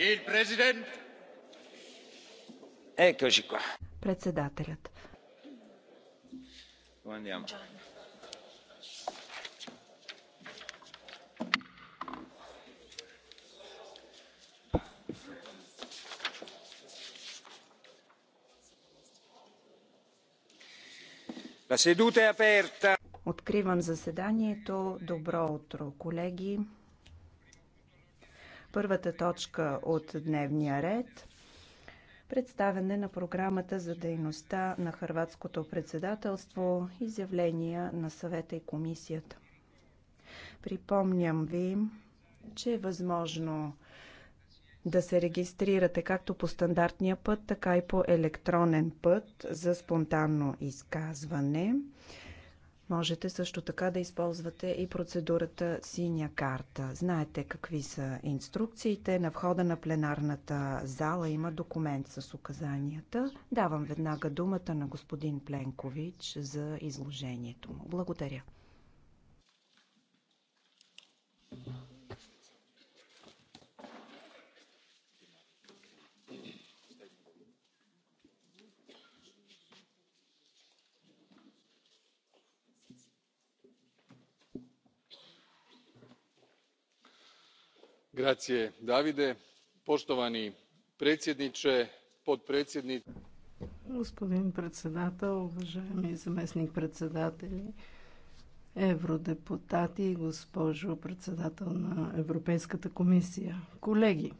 Il qua. Председателят. Andiamo. La seduta è aperta. Откривам заседанието. Добро утро, колеги. Първата точка от дневния ред представяне на програмата за дейността на хърватското председателство, изявления на съвета и комисията. Припомням ви, че е възможно да се регистрирате както по стандартния път, така и по електронен път за спонтанно изказване. Можете също така да използвате и процедурата синя карта. Знаете какви са инструкциите. На входа на пленарната зала има документ с указанията. Давам веднага думата на господин Пленкович за изложението му. Благодаря. gospodine predsjednie potovani predsjednie potpredsjednici. господин председател уважаеми заместник predsjedatelja eurodeputati госпожо председател na европейската комисия колеги!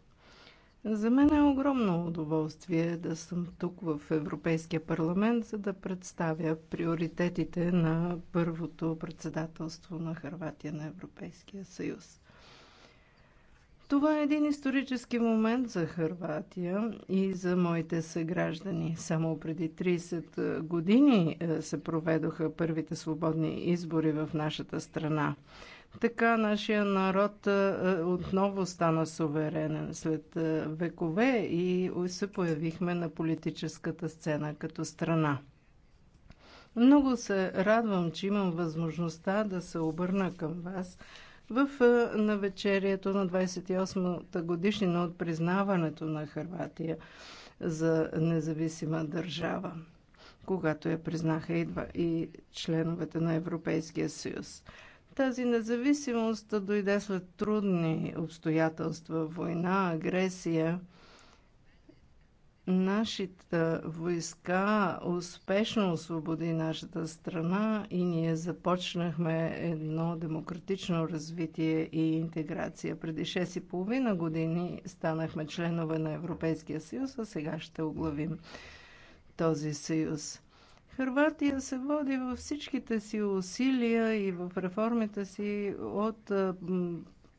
За мен е огромно удоволствие да съм тук в Европейския парламент, за да представя приоритетите на първото председателство на Харватия на Европейския съюз. Това е един исторически момент за Харватия и за моите съграждани. Само преди 30 години се проведоха първите свободни избори в нашата страна. Така нашия народ отново стана суверенен след векове и се появихме на политическата сцена като страна. Много се радвам, че имам възможността да се обърна към вас – в навечерието на 28-та годишнина от признаването на Харватия за независима държава, когато я признаха идва и членовете на Европейския съюз. Тази независимост дойде след трудни обстоятелства, война, агресия – Нашите войска успешно освободи нашата страна и ние започнахме едно демократично развитие и интеграция. Преди 6,5 години станахме членове на Европейския съюз, а сега ще оглавим този съюз. Хърватия се води във всичките си усилия и в реформите си от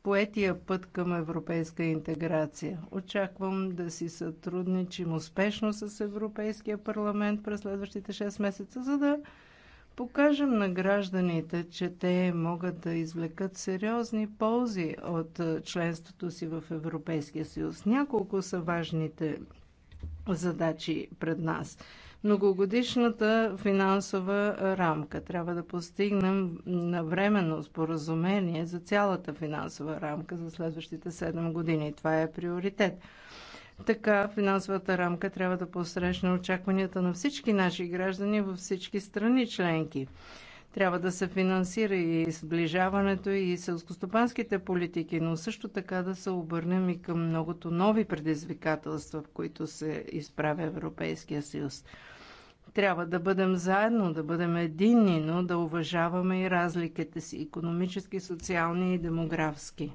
поетия път към европейска интеграция. Очаквам да си сътрудничим успешно с Европейския парламент през следващите 6 месеца, за да покажем на гражданите, че те могат да извлекат сериозни ползи от членството си в Европейския съюз. Няколко са важните задачи пред нас многогодишната финансова рамка. Трябва да постигнем навременно споразумение за цялата финансова рамка за следващите 7 години. Това е приоритет. Така финансовата рамка трябва да посрещне очакванията на всички наши граждани във всички страни членки. Трябва да се финансира и сближаването и селскостопанските политики, но също така да се обърнем и към многото нови предизвикателства, в които се изправя Европейския съюз. Трябва да бъдем заедно, да бъдем единни, но да уважаваме и разликите си економически, социални и демографски.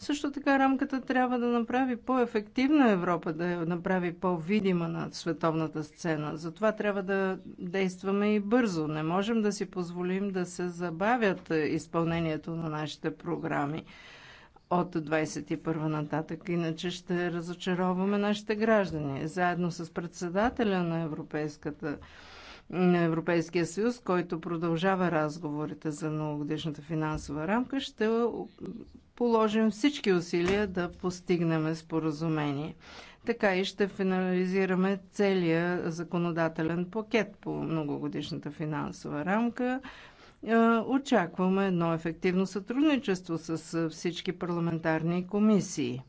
Също така рамката трябва да направи по-ефективна Европа, да я направи по-видима на световната сцена. Затова трябва да действаме и бързо. Не можем да си позволим да се забавят изпълнението на нашите програми от 21 нататък. Иначе ще разочароваме нашите граждани. Заедно с председателя на Европейската на Европейския съюз, който продължава разговорите за новогодишната финансова рамка, ще положим всички усилия да постигнем споразумение. Така и ще финализираме целия законодателен пакет по многогодишната финансова рамка. Е, очакваме едно ефективно сътрудничество с е, всички парламентарни комисии.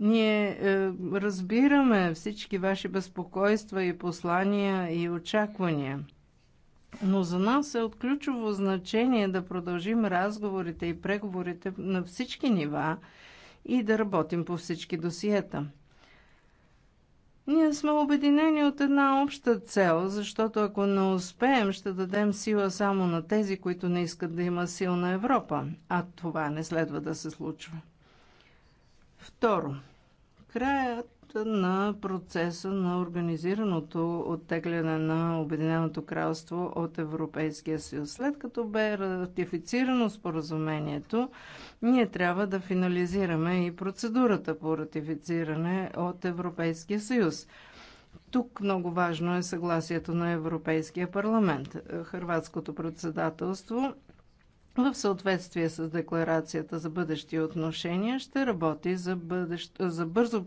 Ние е, разбираме всички ваши безпокойства и послания и очаквания. Но за нас е от ключово значение да продължим разговорите и преговорите на всички нива и да работим по всички досиета. Ние сме обединени от една обща цел, защото ако не успеем, ще дадем сила само на тези, които не искат да има силна Европа. А това не следва да се случва. Второ, краят на процеса на организираното оттегляне на Обединеното кралство от Европейския съюз. След като бе ратифицирано споразумението, ние трябва да финализираме и процедурата по ратифициране от Европейския съюз. Тук много важно е съгласието на Европейския парламент. Хрватското председателство в съответствие с декларацията за бъдещи отношения, ще работи за, бъдещ, за бързо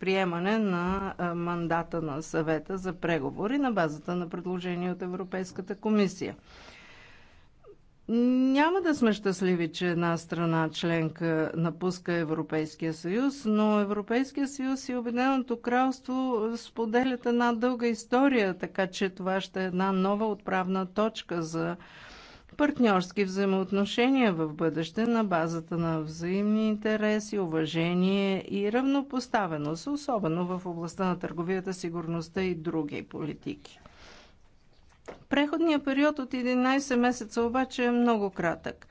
приемане на мандата на съвета за преговори на базата на предложение от Европейската комисия. Няма да сме щастливи, че една страна членка напуска Европейския съюз, но Европейския съюз и Обединеното кралство споделят една дълга история, така че това ще е една нова отправна точка за партньорски взаимоотношения в бъдеще на базата на взаимни интереси, уважение и равнопоставеност, особено в областта на търговията, сигурността и други политики. Преходният период от 11 месеца обаче е много кратък.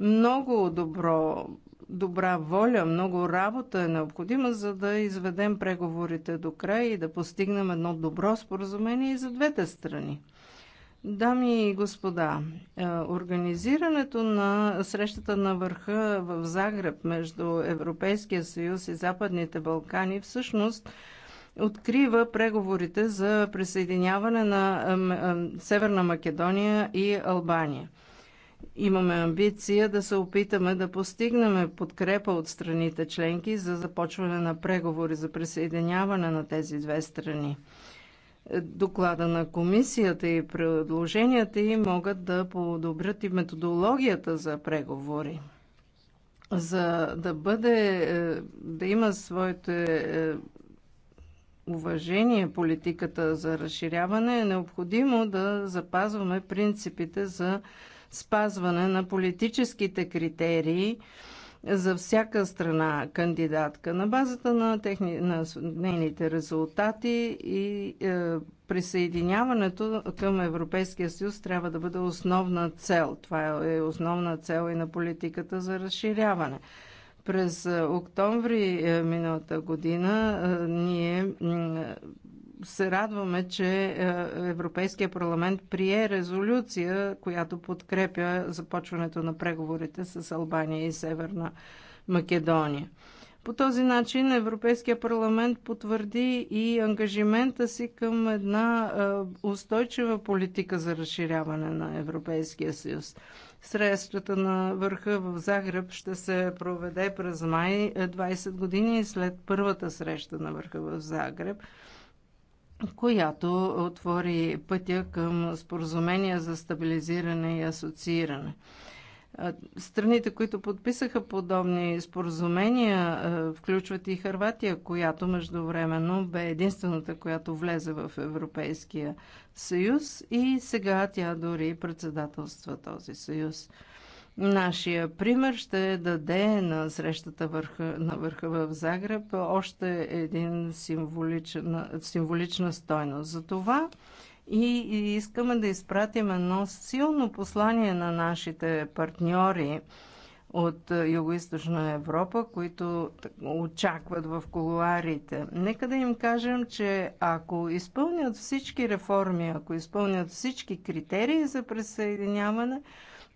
Много добро, добра воля, много работа е необходима, за да изведем преговорите до край и да постигнем едно добро споразумение и за двете страни. Дами и господа, е, организирането на срещата на върха в Загреб между Европейския съюз и Западните Балкани всъщност открива преговорите за присъединяване на е, е, Северна Македония и Албания. Имаме амбиция да се опитаме да постигнем подкрепа от страните членки за започване на преговори за присъединяване на тези две страни доклада на комисията и предложенията и могат да подобрят и методологията за преговори. За да бъде, е, да има своите е, уважение политиката за разширяване, е необходимо да запазваме принципите за спазване на политическите критерии, за всяка страна кандидатка на базата на, техни, на нейните резултати и е, присъединяването към Европейския съюз трябва да бъде основна цел. Това е основна цел и на политиката за разширяване. През е, октомври е, миналата година е, ние се радваме, че е, Европейския парламент прие резолюция, която подкрепя започването на преговорите с Албания и Северна Македония. По този начин Европейския парламент потвърди и ангажимента си към една е, устойчива политика за разширяване на Европейския съюз. Срещата на върха в Загреб ще се проведе през май 20 е, години след първата среща на върха в Загреб – която отвори пътя към споразумения за стабилизиране и асоцииране. Страните, които подписаха подобни споразумения, включват и Харватия, която междувременно бе единствената, която влезе в Европейския съюз и сега тя дори председателства този съюз. Нашия пример ще даде на срещата върха, на върха в Загреб още един символична, символична стойност. За това и, и искаме да изпратим едно силно послание на нашите партньори от Юго-Источна Европа, които очакват в колуарите. Нека да им кажем, че ако изпълнят всички реформи, ако изпълнят всички критерии за присъединяване,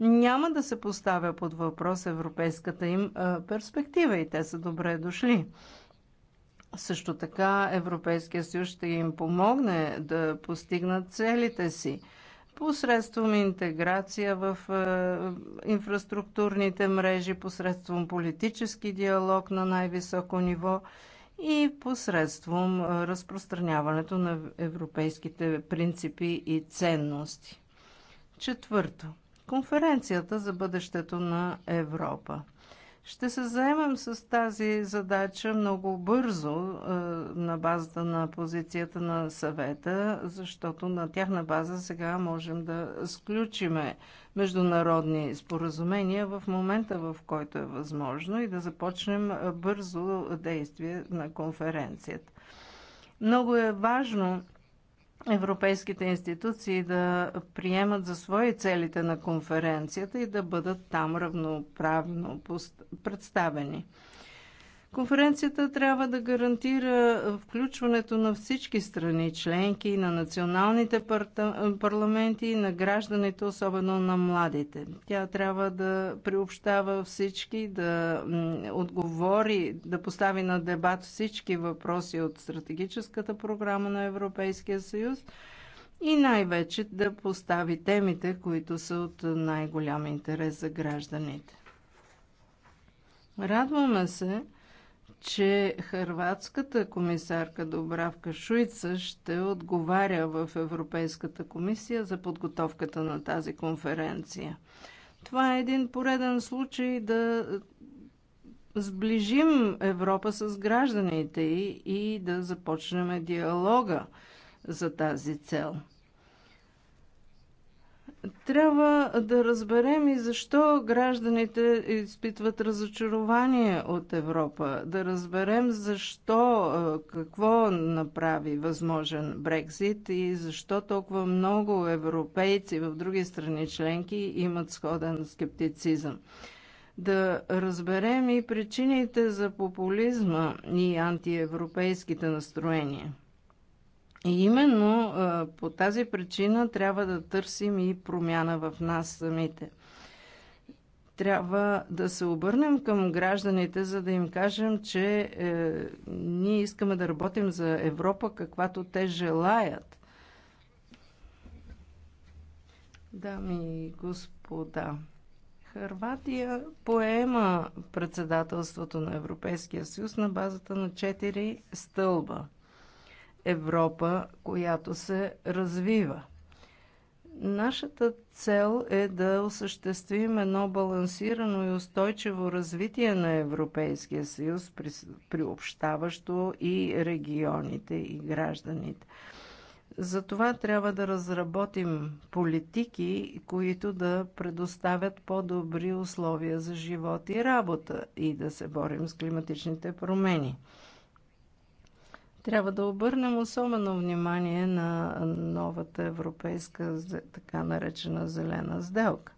няма да се поставя под въпрос европейската им перспектива и те са добре дошли. Също така Европейския съюз ще им помогне да постигнат целите си посредством интеграция в инфраструктурните мрежи, посредством политически диалог на най-високо ниво и посредством разпространяването на европейските принципи и ценности. Четвърто конференцията за бъдещето на Европа. Ще се заемем с тази задача много бързо е, на базата на позицията на съвета, защото на тяхна база сега можем да сключиме международни споразумения в момента, в който е възможно и да започнем бързо действие на конференцията. Много е важно европейските институции да приемат за свои целите на конференцията и да бъдат там равноправно представени. Конференцията трябва да гарантира включването на всички страни членки, на националните парламенти, и на гражданите, особено на младите. Тя трябва да приобщава всички, да отговори, да постави на дебат всички въпроси от стратегическата програма на Европейския съюз и най-вече да постави темите, които са от най-голям интерес за гражданите. Радваме се, че хърватската комисарка Добравка Шуйца ще отговаря в Европейската комисия за подготовката на тази конференция. Това е един пореден случай да сближим Европа с гражданите и да започнем диалога за тази цел. Трябва да разберем и защо гражданите изпитват разочарование от Европа. Да разберем защо, какво направи възможен Брекзит и защо толкова много европейци в други страни членки имат сходен скептицизъм. Да разберем и причините за популизма и антиевропейските настроения. И именно по тази причина трябва да търсим и промяна в нас самите. Трябва да се обърнем към гражданите, за да им кажем, че е, ние искаме да работим за Европа, каквато те желаят. Дами и господа, Харватия поема председателството на Европейския съюз на базата на четири стълба – Европа, която се развива. Нашата цел е да осъществим едно балансирано и устойчиво развитие на Европейския съюз, приобщаващо и регионите и гражданите. Затова трябва да разработим политики, които да предоставят по-добри условия за живот и работа и да се борим с климатичните промени. Трябва да обърнем особено внимание на новата европейска, така наречена зелена сделка,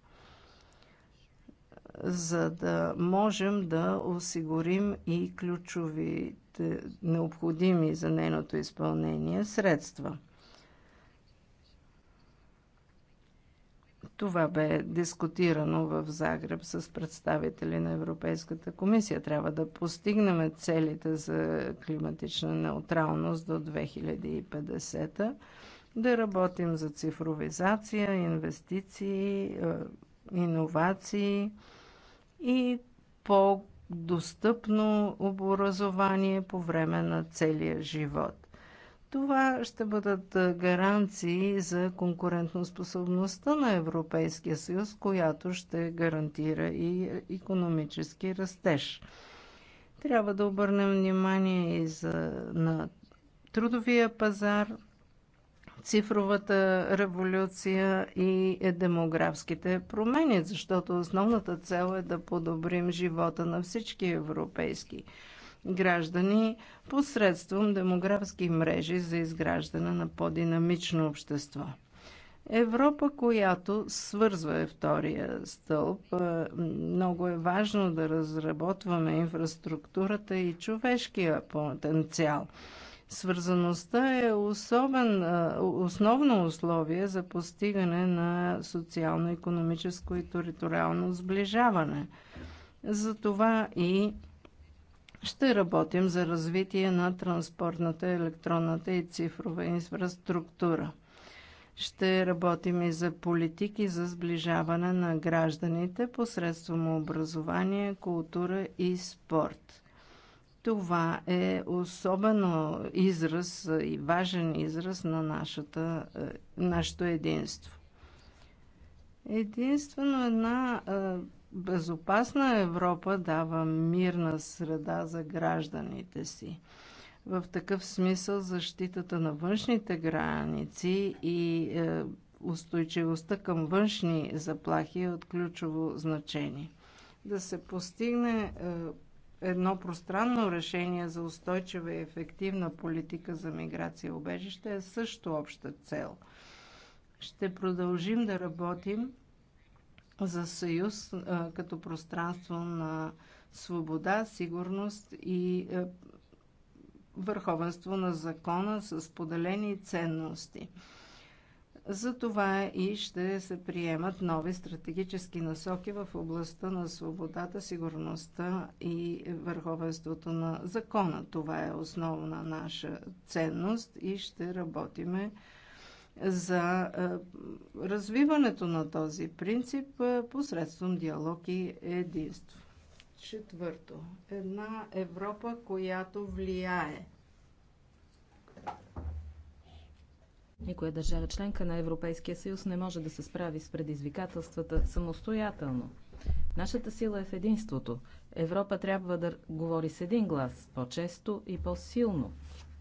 за да можем да осигурим и ключови необходими за нейното изпълнение средства – Това бе дискутирано в Загреб с представители на Европейската комисия. Трябва да постигнем целите за климатична неутралност до 2050, да работим за цифровизация, инвестиции, е, иновации и по-достъпно образование по време на целия живот. Това ще бъдат гаранции за конкурентоспособността на Европейския съюз, която ще гарантира и економически растеж. Трябва да обърнем внимание и за, на трудовия пазар, цифровата революция и е, демографските промени, защото основната цел е да подобрим живота на всички европейски граждани посредством демографски мрежи за изграждане на по-динамично общество. Европа, която свързва е втория стълб. Е, много е важно да разработваме инфраструктурата и човешкия потенциал. Свързаността е особен, е, основно условие за постигане на социално-економическо и териториално сближаване. Затова и ще работим за развитие на транспортната, електронната и цифрова инфраструктура. Ще работим и за политики за сближаване на гражданите посредством образование, култура и спорт. Това е особено израз и важен израз на нашата, е, нашето единство. Единствено една е, Безопасна Европа дава мирна среда за гражданите си. В такъв смисъл защитата на външните граници и е, устойчивостта към външни заплахи е от ключово значение. Да се постигне е, едно пространно решение за устойчива и ефективна политика за миграция и убежище е също обща цел. Ще продължим да работим за съюз като пространство на свобода, сигурност и върховенство на закона с поделени ценности. За това и ще се приемат нови стратегически насоки в областта на свободата, сигурността и върховенството на закона. Това е основна наша ценност и ще работиме за е, развиването на този принцип е, посредством диалог и единство. Четвърто. Една Европа, която влияе. Никоя държава членка на Европейския съюз не може да се справи с предизвикателствата самостоятелно. Нашата сила е в единството. Европа трябва да говори с един глас, по-често и по-силно.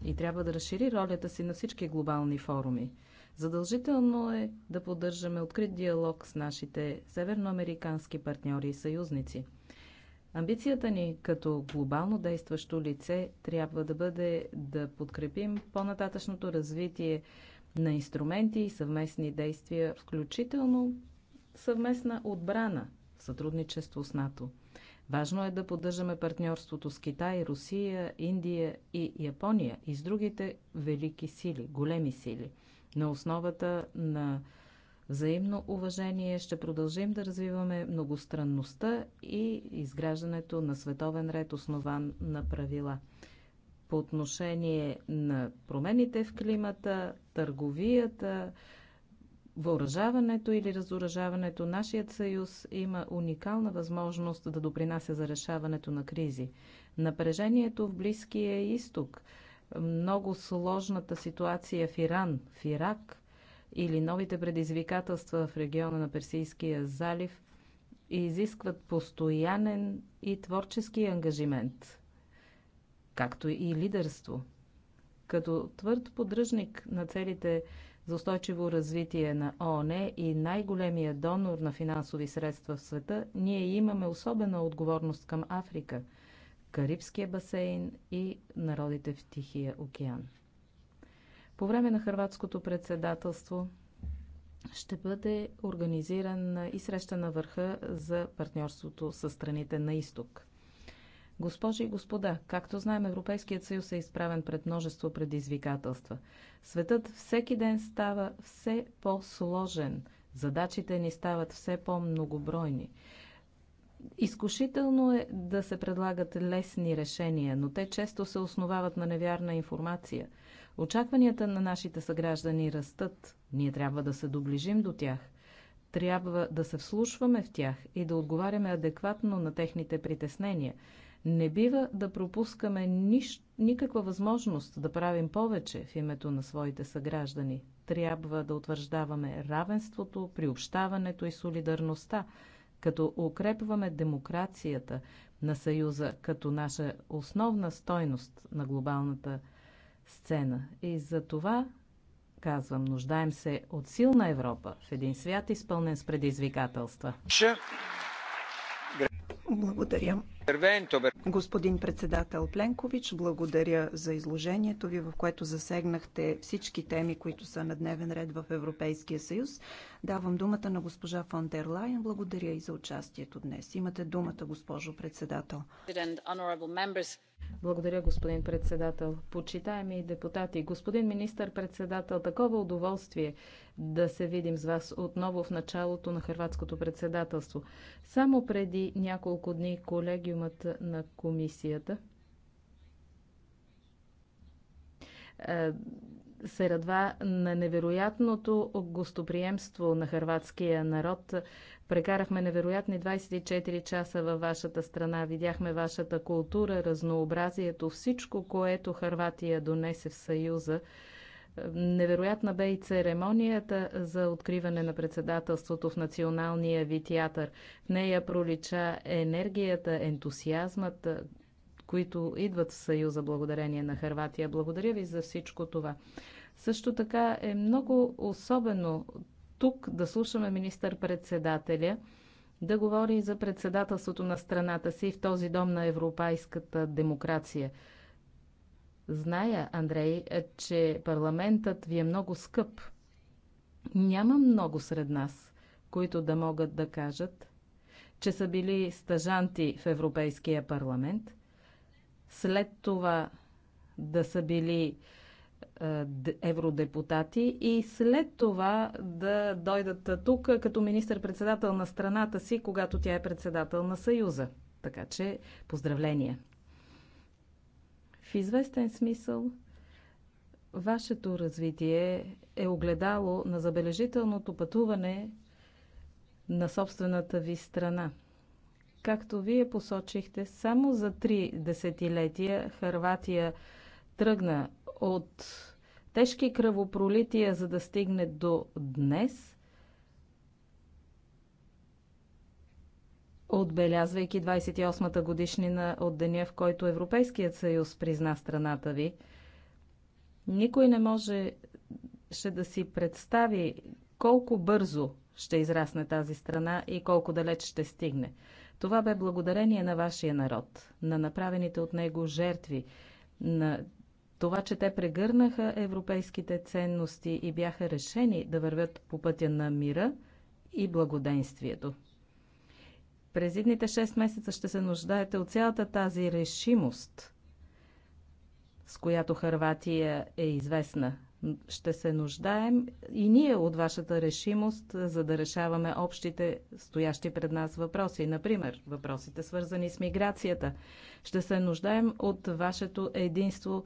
И трябва да разшири ролята си на всички глобални форуми – Задължително е да поддържаме открит диалог с нашите северноамерикански партньори и съюзници. Амбицията ни като глобално действащо лице трябва да бъде да подкрепим по-нататъчното развитие на инструменти и съвместни действия, включително съвместна отбрана в сътрудничество с НАТО – Важно е да поддържаме партньорството с Китай, Русия, Индия и Япония и с другите велики сили, големи сили. На основата на взаимно уважение ще продължим да развиваме многостранността и изграждането на световен ред, основан на правила. По отношение на промените в климата, търговията, въоръжаването или разоръжаването, нашият съюз има уникална възможност да допринася за решаването на кризи. Напрежението в Близкия изток, много сложната ситуация в Иран, в Ирак или новите предизвикателства в региона на Персийския залив изискват постоянен и творчески ангажимент, както и лидерство. Като твърд поддръжник на целите за устойчиво развитие на ООН и най-големия донор на финансови средства в света, ние имаме особена отговорност към Африка, Карибския басейн и народите в Тихия океан. По време на хрватското председателство ще бъде организиран и среща на върха за партньорството с страните на изток. Госпожи и господа, както знаем, Европейският съюз е изправен пред множество предизвикателства. Светът всеки ден става все по-сложен. Задачите ни стават все по-многобройни. Изкушително е да се предлагат лесни решения, но те често се основават на невярна информация. Очакванията на нашите съграждани растат. Ние трябва да се доближим до тях. Трябва да се вслушваме в тях и да отговаряме адекватно на техните притеснения. Не бива да пропускаме ниш... никаква възможност да правим повече в името на своите съграждани. Трябва да утвърждаваме равенството, приобщаването и солидарността, като укрепваме демокрацията на Съюза като наша основна стойност на глобалната сцена. И за това казвам, нуждаем се от силна Европа в един свят, изпълнен с предизвикателства. Благодаря. Господин председател Пленкович, благодаря за изложението ви, в което засегнахте всички теми, които са на дневен ред в Европейския съюз. Давам думата на госпожа фон дер Лайен. Благодаря и за участието днес. Имате думата, госпожо председател. Благодаря, господин председател. Почитаеми депутати, господин министър-председател, такова удоволствие да се видим с вас отново в началото на хрватското председателство. Само преди няколко дни колегиумът на комисията е, се радва на невероятното гостоприемство на хрватския народ Прекарахме невероятни 24 часа във вашата страна. Видяхме вашата култура, разнообразието, всичко, което Харватия донесе в Съюза. Невероятна бе и церемонията за откриване на председателството в Националния ви театър. В нея пролича енергията, ентусиазмът, които идват в Съюза благодарение на Харватия. Благодаря ви за всичко това. Също така е много особено тук да слушаме министър-председателя да говори за председателството на страната си в този дом на европейската демокрация. Зная, Андрей, че парламентът ви е много скъп. Няма много сред нас, които да могат да кажат, че са били стажанти в Европейския парламент, след това да са били е, евродепутати и след това да дойдат тук като министър-председател на страната си, когато тя е председател на Съюза. Така че поздравления! В известен смисъл вашето развитие е огледало на забележителното пътуване на собствената ви страна. Както вие посочихте, само за три десетилетия Харватия тръгна от тежки кръвопролития, за да стигне до днес, отбелязвайки 28-та годишнина от деня, в който Европейският съюз призна страната ви, никой не може ще да си представи колко бързо ще израсне тази страна и колко далеч ще стигне. Това бе благодарение на вашия народ, на направените от него жертви, на това, че те прегърнаха европейските ценности и бяха решени да вървят по пътя на мира и благоденствието. През едните 6 месеца ще се нуждаете от цялата тази решимост, с която Харватия е известна. Ще се нуждаем и ние от вашата решимост, за да решаваме общите стоящи пред нас въпроси. Например, въпросите свързани с миграцията. Ще се нуждаем от вашето единство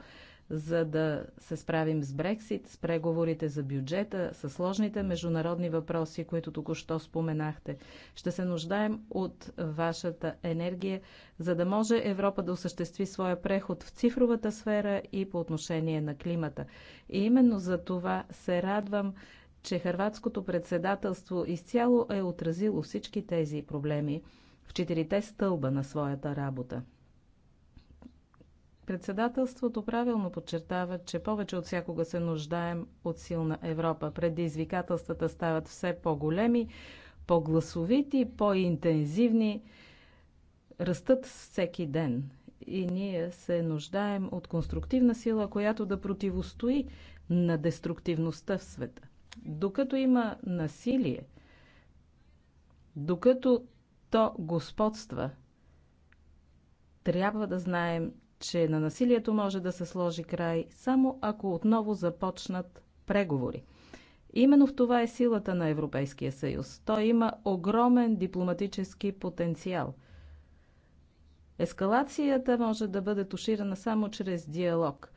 за да се справим с Брексит, с преговорите за бюджета, с сложните международни въпроси, които току-що споменахте. Ще се нуждаем от вашата енергия, за да може Европа да осъществи своя преход в цифровата сфера и по отношение на климата. И именно за това се радвам, че хърватското председателство изцяло е отразило всички тези проблеми в четирите стълба на своята работа. Председателството правилно подчертава, че повече от всякога се нуждаем от силна Европа. Предизвикателствата стават все по-големи, по-гласовити, по-интензивни, растат всеки ден. И ние се нуждаем от конструктивна сила, която да противостои на деструктивността в света. Докато има насилие, докато то господства, трябва да знаем, че на насилието може да се сложи край само ако отново започнат преговори. Именно в това е силата на Европейския съюз. Той има огромен дипломатически потенциал. Ескалацията може да бъде туширана само чрез диалог.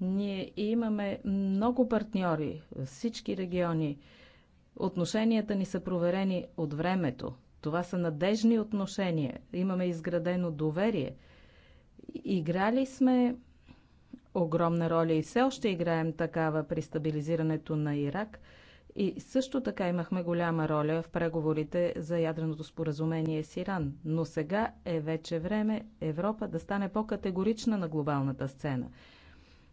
Ние имаме много партньори, в всички региони. Отношенията ни са проверени от времето. Това са надежни отношения. Имаме изградено доверие – Играли сме огромна роля и все още играем такава при стабилизирането на Ирак. И също така имахме голяма роля в преговорите за ядреното споразумение с Иран. Но сега е вече време Европа да стане по-категорична на глобалната сцена.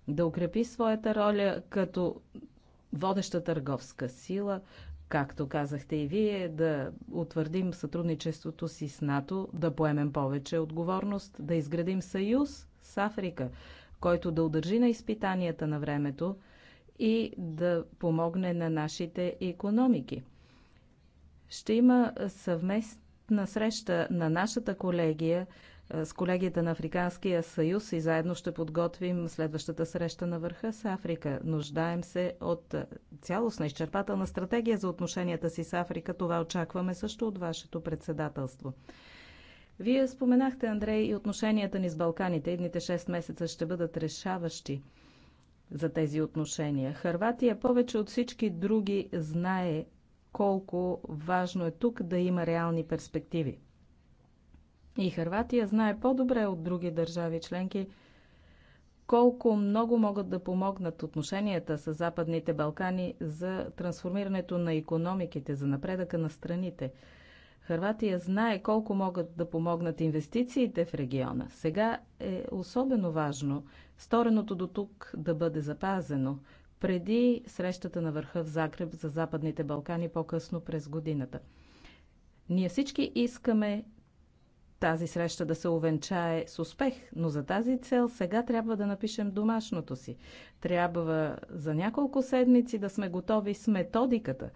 Да укрепи своята роля като водеща търговска сила, както казахте и вие, да утвърдим сътрудничеството си с НАТО, да поемем повече отговорност, да изградим съюз с Африка, който да удържи на изпитанията на времето и да помогне на нашите економики. Ще има съвместна среща на нашата колегия с колегията на Африканския съюз и заедно ще подготвим следващата среща на върха с Африка. Нуждаем се от цялостна изчерпателна стратегия за отношенията си с Африка. Това очакваме също от вашето председателство. Вие споменахте, Андрей, и отношенията ни с Балканите. Едните 6 месеца ще бъдат решаващи за тези отношения. Харватия повече от всички други знае колко важно е тук да има реални перспективи. И Харватия знае по-добре от други държави членки колко много могат да помогнат отношенията с Западните Балкани за трансформирането на економиките, за напредъка на страните. Хърватия знае колко могат да помогнат инвестициите в региона. Сега е особено важно стореното до тук да бъде запазено преди срещата на върха в Загреб за Западните Балкани по-късно през годината. Ние всички искаме тази среща да се увенчае с успех, но за тази цел сега трябва да напишем домашното си. Трябва за няколко седмици да сме готови с методиката,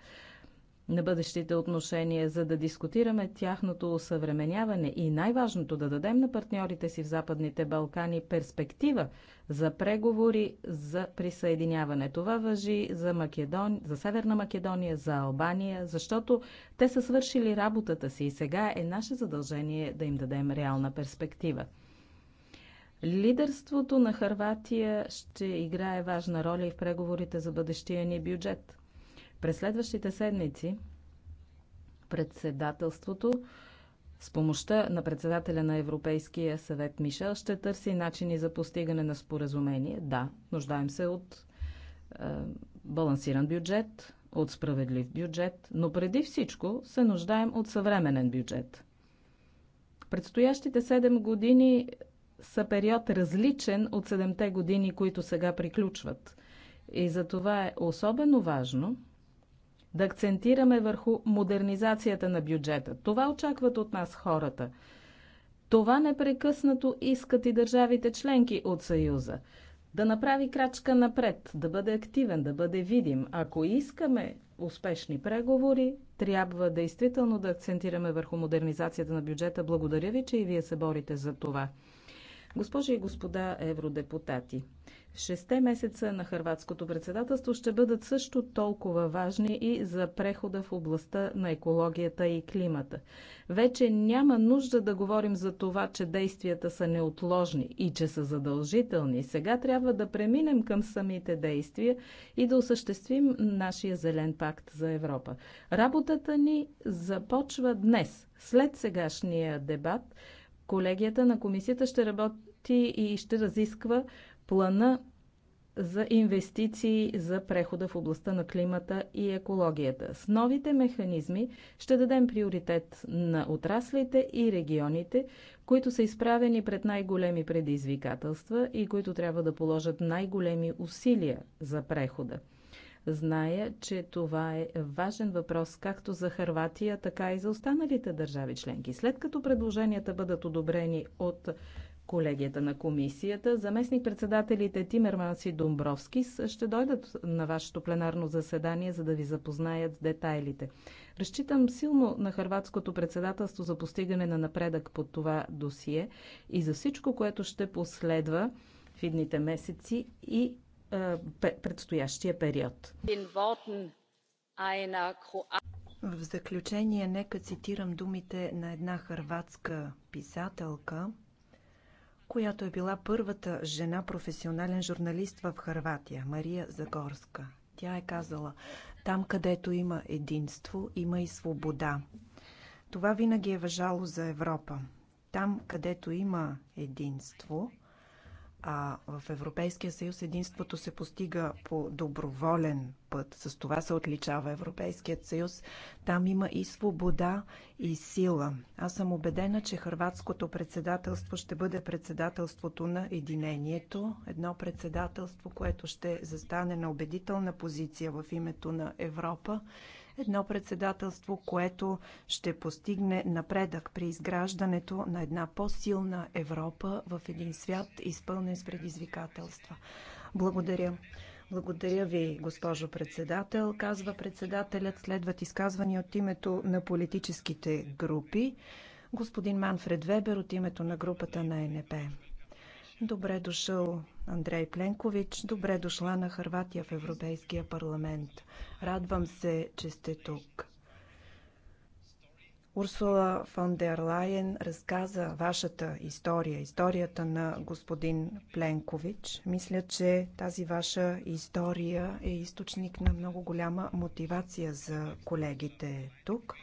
на бъдещите отношения, за да дискутираме тяхното усъвременяване и най-важното да дадем на партньорите си в Западните Балкани перспектива за преговори за присъединяване. Това въжи за, Македон... за Северна Македония, за Албания, защото те са свършили работата си и сега е наше задължение да им дадем реална перспектива. Лидерството на Харватия ще играе важна роля и в преговорите за бъдещия ни бюджет – през следващите седмици председателството с помощта на председателя на Европейския съвет Мишел ще търси начини за постигане на споразумение. Да, нуждаем се от е, балансиран бюджет, от справедлив бюджет, но преди всичко се нуждаем от съвременен бюджет. Предстоящите 7 години са период различен от 7-те години, които сега приключват. И за това е особено важно – да акцентираме върху модернизацията на бюджета. Това очакват от нас хората. Това непрекъснато искат и държавите членки от Съюза. Да направи крачка напред, да бъде активен, да бъде видим. Ако искаме успешни преговори, трябва действително да акцентираме върху модернизацията на бюджета. Благодаря ви, че и вие се борите за това. Госпожи и господа евродепутати, Шесте месеца на хърватското председателство ще бъдат също толкова важни и за прехода в областта на екологията и климата. Вече няма нужда да говорим за това, че действията са неотложни и че са задължителни. Сега трябва да преминем към самите действия и да осъществим нашия зелен пакт за Европа. Работата ни започва днес, след сегашния дебат – Колегията на комисията ще работи и ще разисква плана за инвестиции за прехода в областта на климата и екологията. С новите механизми ще дадем приоритет на отраслите и регионите, които са изправени пред най-големи предизвикателства и които трябва да положат най-големи усилия за прехода. Зная, че това е важен въпрос както за Харватия, така и за останалите държави членки. След като предложенията бъдат одобрени от колегията на комисията, заместник-председателите Тимерманс и Домбровски ще дойдат на вашето пленарно заседание, за да ви запознаят с детайлите. Разчитам силно на хърватското председателство за постигане на напредък под това досие и за всичко, което ще последва в идните месеци и е, предстоящия период. В заключение, нека цитирам думите на една хърватска писателка, която е била първата жена професионален журналист в Хърватия, Мария Загорска. Тя е казала, там където има единство, има и свобода. Това винаги е въжало за Европа. Там, където има единство, а в Европейския съюз единството се постига по доброволен път. С това се отличава Европейският съюз. Там има и свобода, и сила. Аз съм убедена, че хрватското председателство ще бъде председателството на единението. Едно председателство, което ще застане на убедителна позиция в името на Европа Едно председателство, което ще постигне напредък при изграждането на една по-силна Европа в един свят, изпълнен с предизвикателства. Благодаря. Благодаря ви, госпожо председател, казва председателят. Следват изказвания от името на политическите групи. Господин Манфред Вебер от името на групата на НП. Е. Добре дошъл Андрей Пленкович. Добре дошла на Харватия в Европейския парламент. Радвам се, че сте тук. Урсула фон дер Лайен разказа вашата история, историята на господин Пленкович. Мисля, че тази ваша история е източник на много голяма мотивация за колегите тук.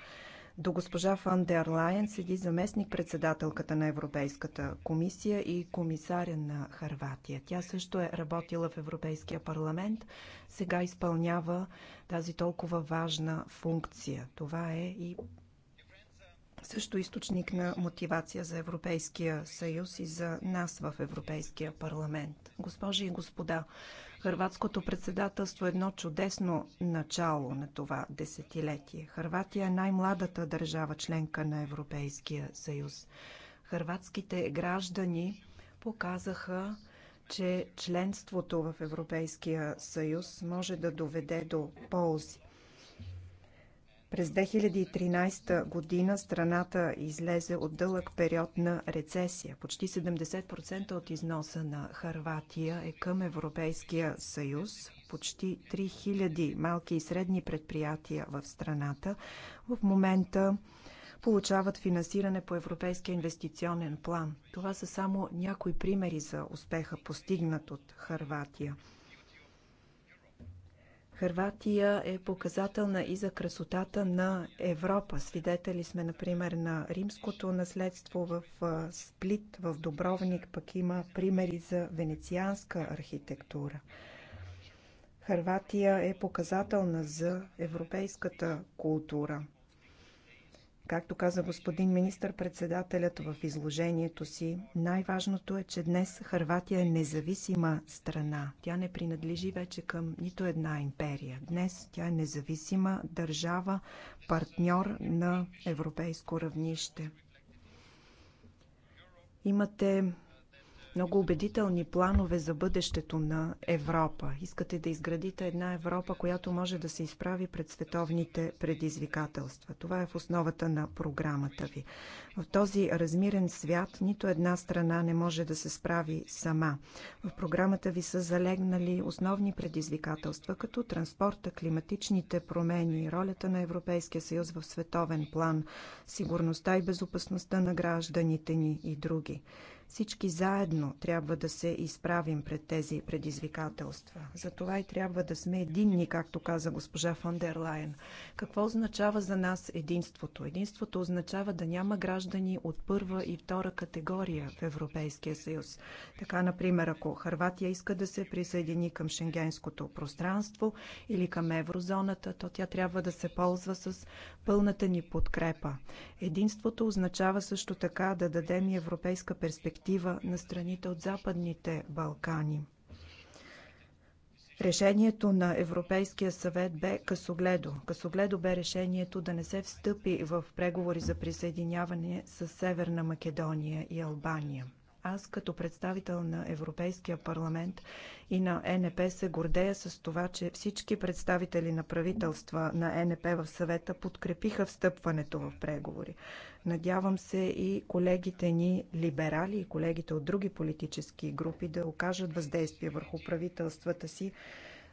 До госпожа Фан дер Лайен седи заместник-председателката на Европейската комисия и комисаря на Харватия. Тя също е работила в Европейския парламент, сега изпълнява тази толкова важна функция. Това е и също източник на мотивация за Европейския съюз и за нас в Европейския парламент. Госпожи и господа, Хърватското председателство е едно чудесно начало на това десетилетие. Хърватия е най-младата държава членка на Европейския съюз. Хърватските граждани показаха, че членството в Европейския съюз може да доведе до ползи. През 2013 година страната излезе от дълъг период на рецесия. Почти 70% от износа на Харватия е към Европейския съюз. Почти 3000 малки и средни предприятия в страната в момента получават финансиране по Европейския инвестиционен план. Това са само някои примери за успеха постигнат от Харватия. Хърватия е показателна и за красотата на Европа. Свидетели сме, например, на римското наследство в Сплит, в Добровник, пък има примери за венецианска архитектура. Хърватия е показателна за европейската култура. Както каза господин министър-председателят в изложението си, най-важното е, че днес Харватия е независима страна. Тя не принадлежи вече към нито една империя. Днес тя е независима държава, партньор на европейско равнище. Имате много убедителни планове за бъдещето на Европа. Искате да изградите една Европа, която може да се изправи пред световните предизвикателства. Това е в основата на програмата ви. В този размирен свят нито една страна не може да се справи сама. В програмата ви са залегнали основни предизвикателства, като транспорта, климатичните промени, ролята на Европейския съюз в световен план, сигурността и безопасността на гражданите ни и други. Всички заедно трябва да се изправим пред тези предизвикателства. Затова и трябва да сме единни, както каза госпожа фон дер Лайен. Какво означава за нас единството? Единството означава да няма граждани от първа и втора категория в Европейския съюз. Така, например, ако Харватия иска да се присъедини към шенгенското пространство или към еврозоната, то тя трябва да се ползва с пълната ни подкрепа. Единството означава също така да дадем и европейска перспектива перспектива на страните от Западните Балкани. Решението на Европейския съвет бе късогледо. Късогледо бе решението да не се встъпи в преговори за присъединяване с Северна Македония и Албания. Аз като представител на Европейския парламент и на ЕНП се гордея с това, че всички представители на правителства на ЕНП в съвета подкрепиха встъпването в преговори. Надявам се и колегите ни либерали и колегите от други политически групи да окажат въздействие върху правителствата си,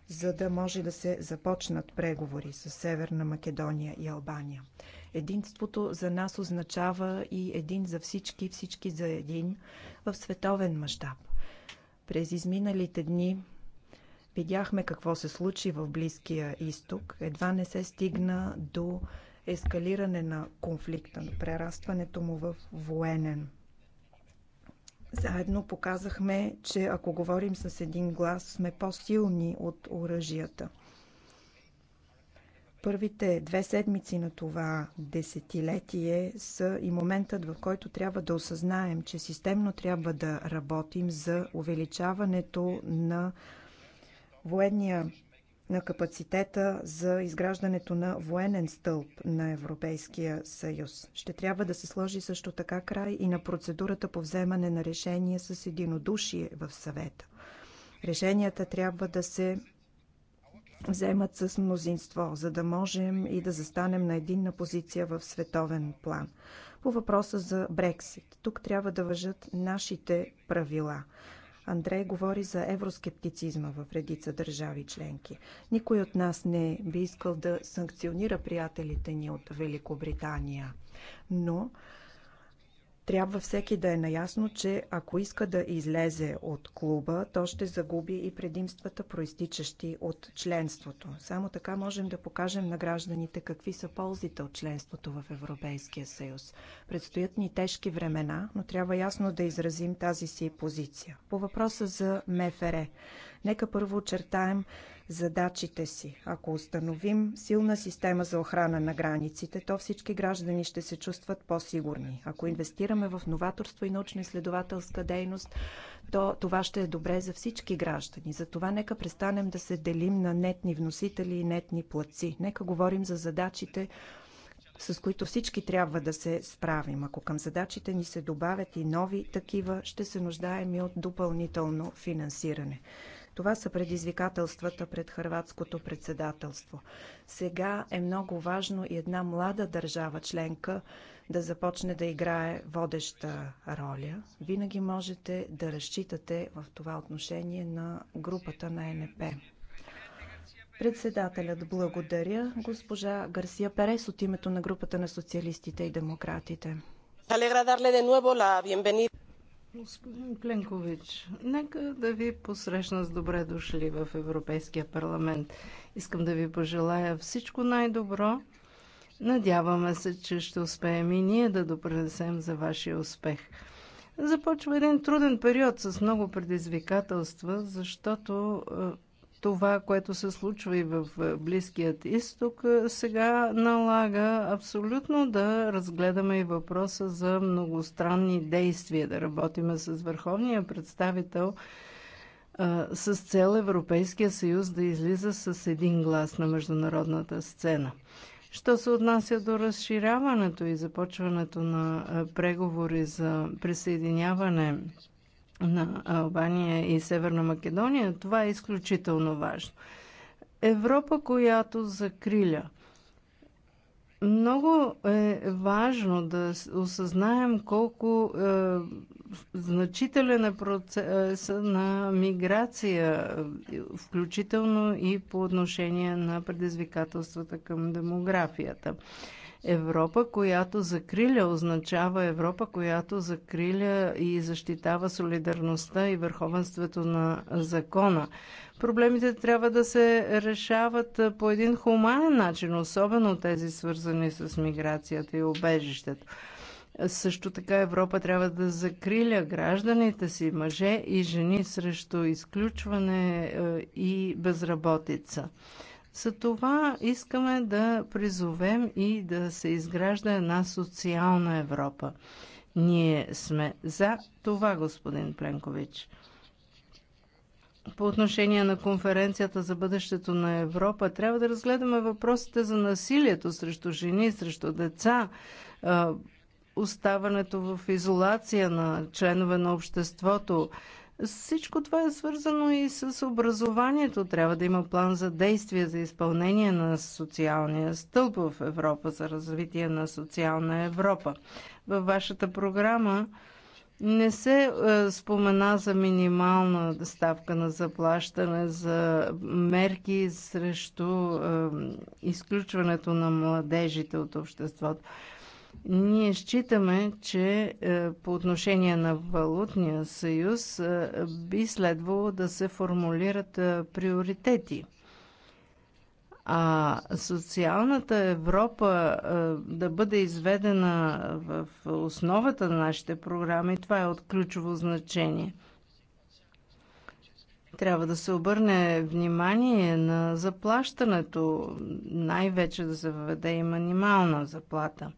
за да може да се започнат преговори с Северна Македония и Албания. Единството за нас означава и един за всички, всички за един в световен мащаб. През изминалите дни видяхме какво се случи в Близкия изток. Едва не се стигна до ескалиране на конфликта, на прерастването му в военен. Заедно показахме, че ако говорим с един глас, сме по-силни от оръжията – Първите две седмици на това десетилетие са и моментът, в който трябва да осъзнаем, че системно трябва да работим за увеличаването на военния на капацитета за изграждането на военен стълб на Европейския съюз. Ще трябва да се сложи също така край и на процедурата по вземане на решения с единодушие в съвета. Решенията трябва да се вземат с мнозинство, за да можем и да застанем на единна позиция в световен план. По въпроса за Брексит. Тук трябва да въжат нашите правила. Андрей говори за евроскептицизма в редица държави членки. Никой от нас не би искал да санкционира приятелите ни от Великобритания. Но трябва всеки да е наясно, че ако иска да излезе от клуба, то ще загуби и предимствата, проистичащи от членството. Само така можем да покажем на гражданите какви са ползите от членството в Европейския съюз. Предстоят ни тежки времена, но трябва ясно да изразим тази си позиция. По въпроса за МФР, нека първо очертаем задачите си. Ако установим силна система за охрана на границите, то всички граждани ще се чувстват по-сигурни. Ако инвестираме в новаторство и научно-изследователска дейност, то това ще е добре за всички граждани. Затова нека престанем да се делим на нетни вносители и нетни платци. Нека говорим за задачите, с които всички трябва да се справим. Ако към задачите ни се добавят и нови такива, ще се нуждаем и от допълнително финансиране. Това са предизвикателствата пред хърватското председателство. Сега е много важно и една млада държава членка да започне да играе водеща роля. Винаги можете да разчитате в това отношение на групата на НП. Председателят благодаря госпожа Гарсия Перес от името на групата на социалистите и демократите. Господин Пленкович, нека да ви посрещна с добре дошли в Европейския парламент. Искам да ви пожелая всичко най-добро. Надяваме се, че ще успеем и ние да допринесем за вашия успех. Започва един труден период с много предизвикателства, защото това, което се случва и в Близкият изток, сега налага абсолютно да разгледаме и въпроса за многостранни действия, да работиме с върховния представител с цел Европейския съюз да излиза с един глас на международната сцена. Що се отнася до разширяването и започването на преговори за присъединяване на Албания и Северна Македония, това е изключително важно. Европа, която закриля. Много е важно да осъзнаем колко е, значителен е процес е, на миграция, включително и по отношение на предизвикателствата към демографията. Е, Европа, която закриля, означава Европа, която закриля и защитава солидарността и върховенството на закона. Проблемите трябва да се решават по един хуманен начин, особено тези свързани с миграцията и обежището. Също така Европа трябва да закриля гражданите си, мъже и жени, срещу изключване и безработица. За това искаме да призовем и да се изгражда една социална Европа. Ние сме за това, господин Пленкович. По отношение на конференцията за бъдещето на Европа, трябва да разгледаме въпросите за насилието срещу жени, срещу деца, оставането в изолация на членове на обществото, всичко това е свързано и с образованието. Трябва да има план за действие за изпълнение на социалния стълб в Европа, за развитие на социална Европа. Във вашата програма не се е, спомена за минимална ставка на заплащане, за мерки срещу е, изключването на младежите от обществото. Ние считаме, че е, по отношение на Валутния съюз е, би следвало да се формулират е, приоритети. А социалната Европа да бъде изведена в основата на нашите програми, това е от ключово значение. Трябва да се обърне внимание на заплащането, най-вече да се въведе и минимална заплата –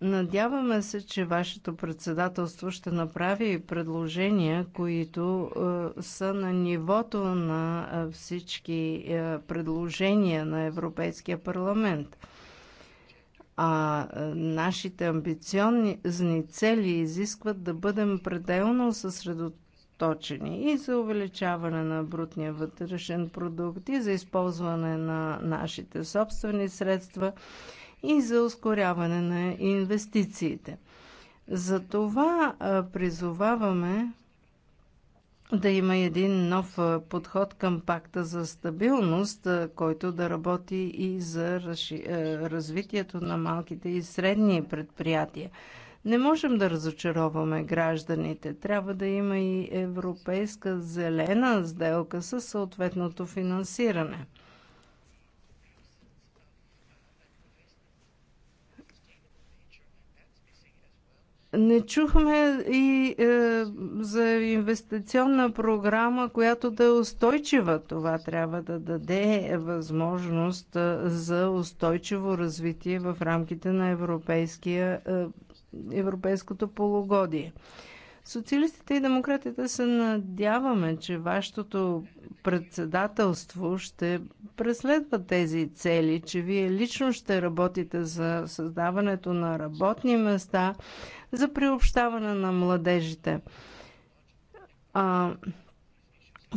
Надяваме се, че вашето председателство ще направи предложения, които е, са на нивото на е, всички е, предложения на Европейския парламент. А е, нашите амбициозни цели изискват да бъдем пределно съсредоточени и за увеличаване на брутния вътрешен продукт, и за използване на нашите собствени средства – и за ускоряване на инвестициите. Затова призоваваме да има един нов подход към пакта за стабилност, който да работи и за развитието на малките и средни предприятия. Не можем да разочароваме гражданите. Трябва да има и европейска зелена сделка със съответното финансиране. Не чухме и е, за инвестиционна програма, която да е устойчива. Това трябва да даде възможност е, за устойчиво развитие в рамките на европейския, е, европейското полугодие. Социалистите и демократите се надяваме, че вашето председателство ще преследва тези цели, че вие лично ще работите за създаването на работни места, за приобщаване на младежите. А,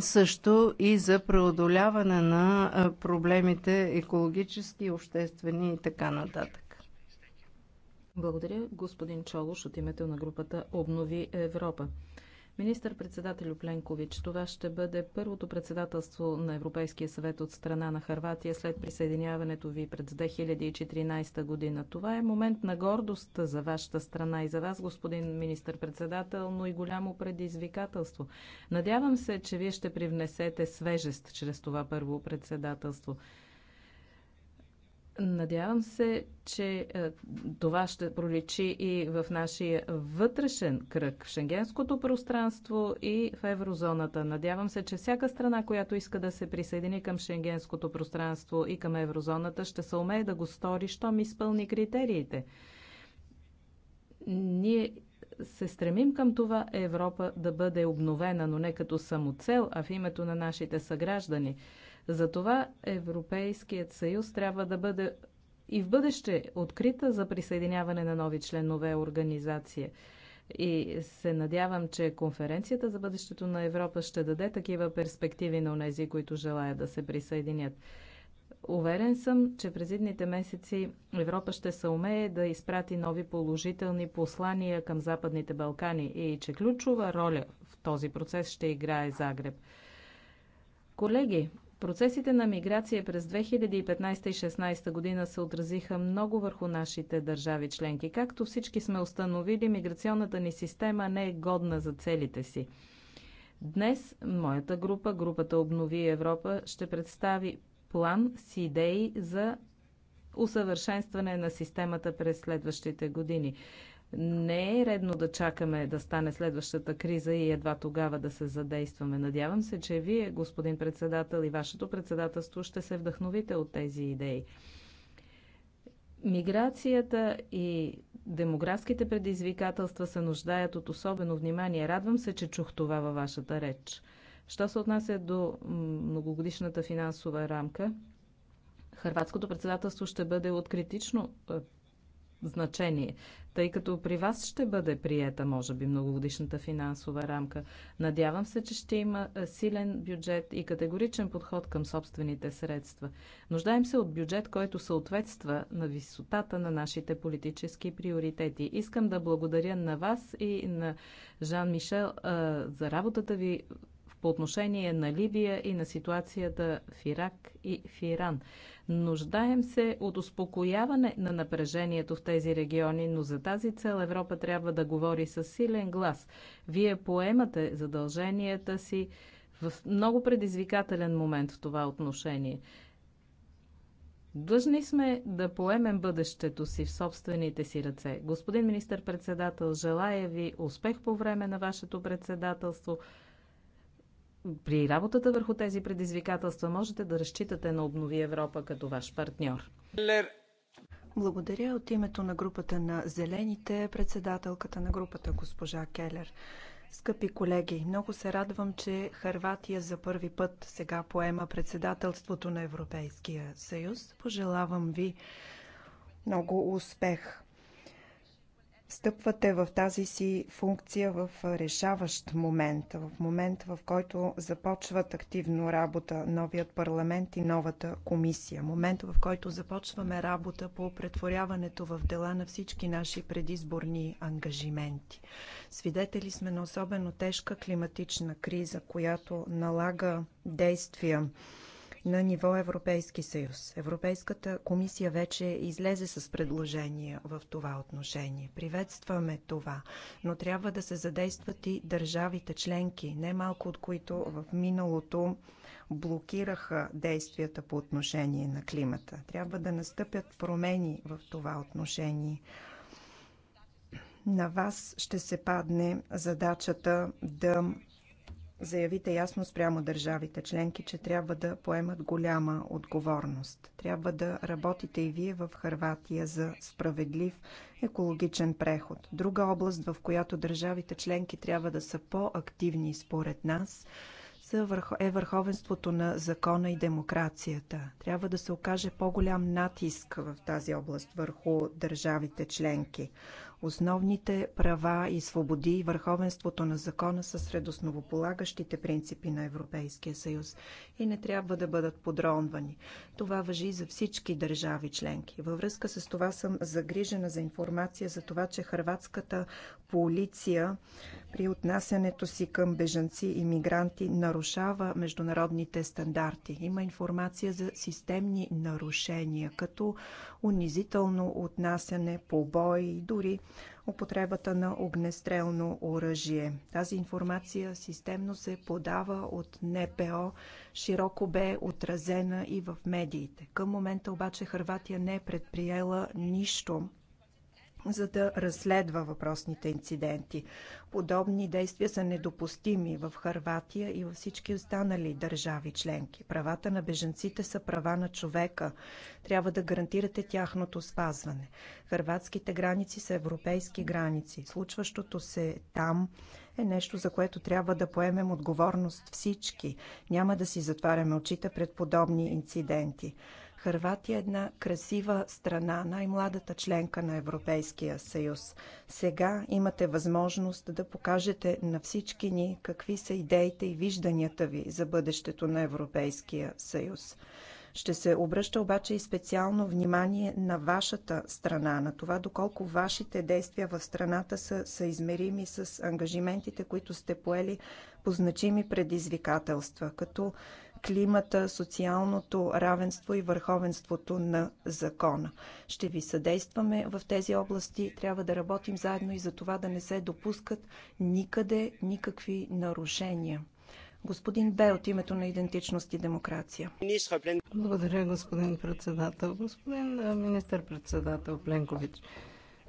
също и за преодоляване на проблемите екологически, обществени и така нататък. Благодаря, господин Чолош, от името на групата Обнови Европа. Министър-председател Пленкович, това ще бъде първото председателство на Европейския съвет от страна на Харватия след присъединяването ви през 2014 година. Това е момент на гордост за вашата страна и за вас, господин министър-председател, но и голямо предизвикателство. Надявам се, че вие ще привнесете свежест чрез това първо председателство. Надявам се, че е, това ще проличи и в нашия вътрешен кръг, в шенгенското пространство и в еврозоната. Надявам се, че всяка страна, която иска да се присъедини към шенгенското пространство и към еврозоната, ще се умее да го стори, щом изпълни критериите. Ние се стремим към това Европа да бъде обновена, но не като самоцел, а в името на нашите съграждани – затова Европейският съюз трябва да бъде и в бъдеще открита за присъединяване на нови членове организация. И се надявам, че конференцията за бъдещето на Европа ще даде такива перспективи на онези, които желаят да се присъединят. Уверен съм, че през едните месеци Европа ще се умее да изпрати нови положителни послания към Западните Балкани и че ключова роля в този процес ще играе Загреб. Колеги, Процесите на миграция през 2015 и 2016 година се отразиха много върху нашите държави членки. Както всички сме установили, миграционната ни система не е годна за целите си. Днес моята група, групата Обнови Европа, ще представи план с идеи за усъвършенстване на системата през следващите години. Не е редно да чакаме да стане следващата криза и едва тогава да се задействаме. Надявам се, че вие, господин председател, и вашето председателство ще се вдъхновите от тези идеи. Миграцията и демографските предизвикателства се нуждаят от особено внимание. Радвам се, че чух това във вашата реч. Що се отнася до многогодишната финансова рамка, Хрватското председателство ще бъде от критично е, значение, тъй като при вас ще бъде приета, може би, многогодишната финансова рамка. Надявам се, че ще има силен бюджет и категоричен подход към собствените средства. Нуждаем се от бюджет, който съответства на висотата на нашите политически приоритети. Искам да благодаря на вас и на Жан Мишел за работата ви по отношение на Либия и на ситуацията в Ирак и в Иран. Нуждаем се от успокояване на напрежението в тези региони, но за тази цел Европа трябва да говори с силен глас. Вие поемате задълженията си в много предизвикателен момент в това отношение. Длъжни сме да поемем бъдещето си в собствените си ръце. Господин министър-председател, желая ви успех по време на вашето председателство при работата върху тези предизвикателства можете да разчитате на Обнови Европа като ваш партньор. Благодаря от името на групата на Зелените, председателката на групата госпожа Келер. Скъпи колеги, много се радвам, че Харватия за първи път сега поема председателството на Европейския съюз. Пожелавам ви много успех. Стъпвате в тази си функция в решаващ момент, в момент в който започват активно работа новият парламент и новата комисия, момент в който започваме работа по претворяването в дела на всички наши предизборни ангажименти. Свидетели сме на особено тежка климатична криза, която налага действия на ниво Европейски съюз. Европейската комисия вече излезе с предложения в това отношение. Приветстваме това, но трябва да се задействат и държавите членки, немалко от които в миналото блокираха действията по отношение на климата. Трябва да настъпят промени в това отношение на вас ще се падне задачата да заявите ясно спрямо държавите членки, че трябва да поемат голяма отговорност. Трябва да работите и вие в Харватия за справедлив екологичен преход. Друга област, в която държавите членки трябва да са по-активни според нас, е върховенството на закона и демокрацията. Трябва да се окаже по-голям натиск в тази област върху държавите членки. Основните права и свободи и върховенството на закона са сред основополагащите принципи на Европейския съюз и не трябва да бъдат подронвани. Това въжи за всички държави членки. Във връзка с това съм загрижена за информация за това, че хрватската полиция при отнасянето си към бежанци и мигранти нарушава международните стандарти. Има информация за системни нарушения, като унизително отнасяне, побои и дори употребата на огнестрелно оръжие. Тази информация системно се подава от НПО, широко бе отразена и в медиите. Към момента обаче Хърватия не е предприела нищо за да разследва въпросните инциденти. Подобни действия са недопустими в Харватия и във всички останали държави членки. Правата на беженците са права на човека. Трябва да гарантирате тяхното спазване. Харватските граници са европейски граници. Случващото се там е нещо, за което трябва да поемем отговорност всички. Няма да си затваряме очите пред подобни инциденти. Харватия е една красива страна, най-младата членка на Европейския съюз. Сега имате възможност да покажете на всички ни какви са идеите и вижданията ви за бъдещето на Европейския съюз. Ще се обръща обаче и специално внимание на вашата страна, на това доколко вашите действия в страната са съизмерими с ангажиментите, които сте поели по значими предизвикателства, като климата, социалното равенство и върховенството на закона. Ще ви съдействаме в тези области. Трябва да работим заедно и за това да не се допускат никъде никакви нарушения. Господин Бе от името на идентичност и демокрация. Благодаря, господин председател. Господин министър-председател Пленкович.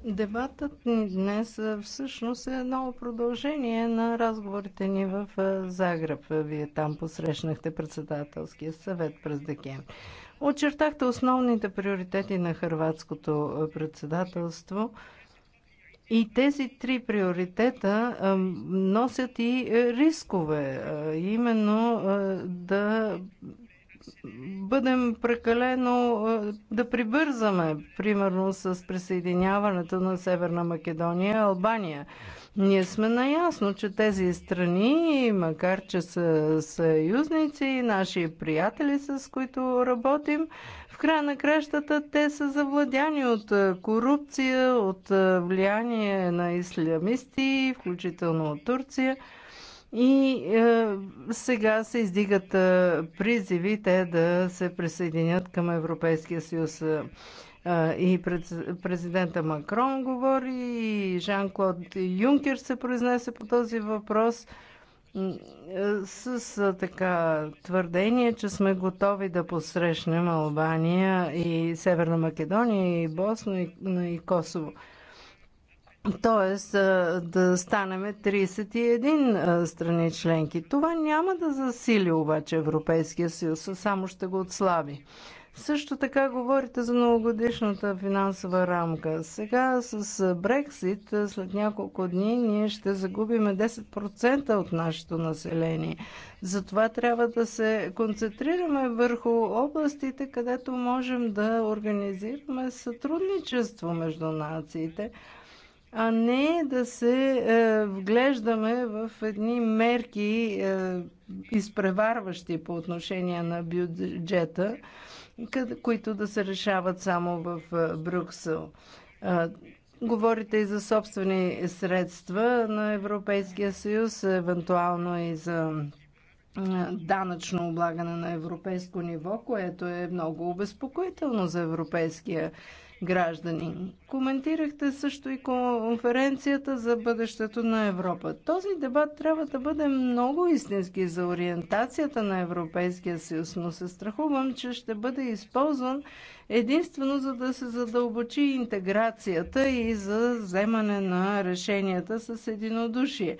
Дебатът ни днес всъщност е едно продължение на разговорите ни в Загреб. Вие там посрещнахте председателския съвет през декември. Очертахте основните приоритети на хрватското председателство. И тези три приоритета носят и рискове, именно да бъдем прекалено, да прибързаме, примерно с присъединяването на Северна Македония и Албания. Ние сме наясно, че тези страни, макар че са съюзници, наши приятели, с които работим, в края на кращата те са завладяни от корупция, от влияние на ислямисти, включително от Турция – и е, сега се издигат е, призиви те да се присъединят към Европейския съюз. Е, и през, президента Макрон говори, и Жан-Клод Юнкер се произнесе по този въпрос е, с, с е, така твърдение, че сме готови да посрещнем Албания и Северна Македония и Босна и, и Косово. Тоест да станеме 31 страни членки. Това няма да засили обаче Европейския съюз, а само ще го отслаби. Също така говорите за многогодишната финансова рамка. Сега с Брексит, след няколко дни, ние ще загубим 10% от нашето население. Затова трябва да се концентрираме върху областите, където можем да организираме сътрудничество между нациите – а не да се е, вглеждаме в едни мерки е, изпреварващи по отношение на бюджета, къде, които да се решават само в е, Брюксел. Е, говорите и за собствени средства на Европейския съюз, евентуално и за е, данъчно облагане на европейско ниво, което е много обезпокоително за Европейския съюз граждани. Коментирахте също и конференцията за бъдещето на Европа. Този дебат трябва да бъде много истински за ориентацията на Европейския съюз, но се страхувам, че ще бъде използван единствено за да се задълбочи интеграцията и за вземане на решенията с единодушие